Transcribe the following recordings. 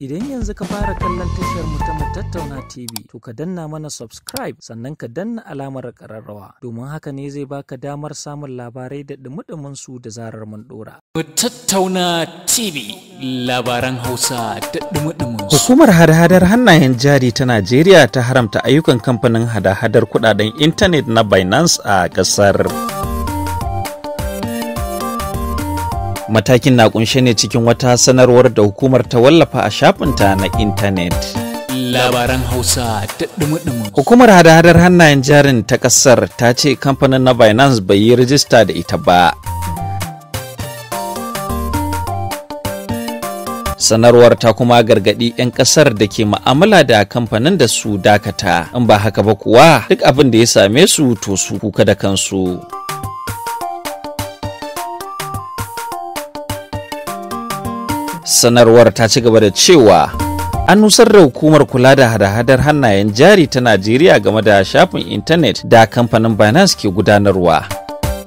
Idan yanzu ka fara kallon tashar mu ta tattauna TV, to ka danna mana subscribe sannan ka danna alamar ƙararrawa. Domin haka ne zai baka damar samun labarai da dumudumin su da zarar mun dora. Tattauna TV labaran Hausa da dumudumin su. Hukumar hada-hadar hannayen jari ta Najeriya ta haramta ayyukan kamfanin hada-hadar kudaden intanet na Binance a ƙasar. matakin na kunshe ne cikin wata sanarwar da hukumar ta wallafa a shafinta na intanet labaran hausa ta hukumar hada-hadar hannayen jarin ta kasar ta ce kamfanin na binance bai yi rijista da ita ba sanarwar ta kuma gargaɗi 'yan ƙasar da ke ma'amala da kamfanin da su dakata in ba haka ba kuwa duk abin da ya same su to su kuka da kansu. sanarwar ta ci gaba da cewa an nusar da hukumar kula da hada-hadar hannayen jari ta najeriya game da shafin intanet da kamfanin binance ke gudanarwa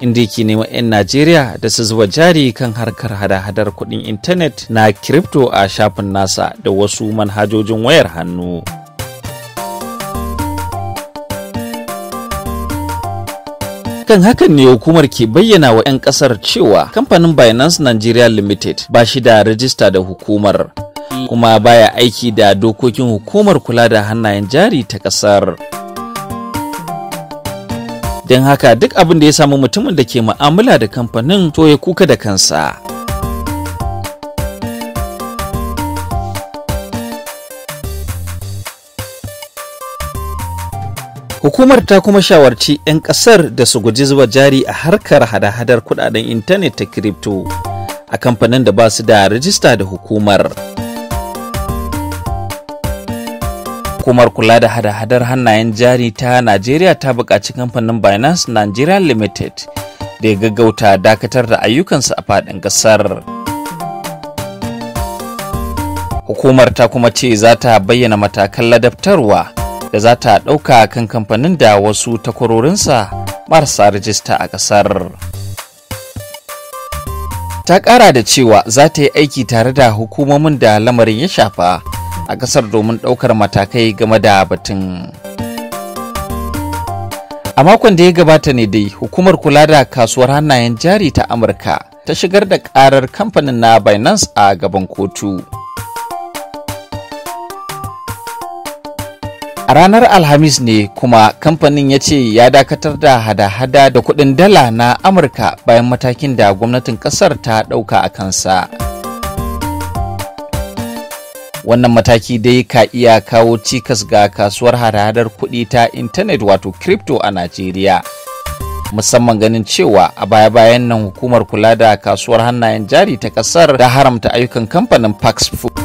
inda yake neman 'yan najeriya da su zuba jari kan harkar hada-hadar kuɗin intanet na crypto a shafin nasa da wasu manhajojin wayar hannu. kan hakan ne hukumar ke bayyana wa 'yan kasar cewa kamfanin binance nigeria limited ba shi da rajista da hukumar kuma baya aiki da dokokin hukumar kula da hannayen jari ta kasar don haka duk abin da ya samu mutumin da ke mu'amala da kamfanin to ya kuka da kansa Hukumar ta kuma shawarci 'yan ƙasar da su guji zuba jari a harkar hada-hadar kudaden intanet ta crypto a kamfanin da ba su da rajista da hukumar. Hukumar kula da hada-hadar hannayen jari ta Najeriya ta buƙaci kamfanin Binance Nigeria Limited da ya gaggauta dakatar da ayyukansa a faɗin ƙasar. Hukumar ta kuma ce za ta bayyana matakan ladabtarwa. da za ta ɗauka kan kamfanin da wasu takwarorinsa marasa rajista a ƙasar. Ta ƙara da cewa za ta yi aiki tare da hukumomin da lamarin ya shafa a ƙasar domin ɗaukar matakai game da batun. A makon da ya gabata ne dai hukumar kula da kasuwar hannayen jari ta Amurka ta shigar da ƙarar kamfanin na Binance a gaban kotu. A ranar Alhamis ne kuma kamfanin ya ce ya dakatar da hada-hada da kuɗin dala na Amurka bayan matakin da gwamnatin ƙasar ta ɗauka a kansa. Wannan mataki dai ka iya kawo cikas ga kasuwar hada-hadar kuɗi ta intanet wato crypto a Najeriya. musamman ganin cewa a baya-bayan nan hukumar kula da kasuwar hannayen jari ta kasar da haramta ayyukan kamfanin paxful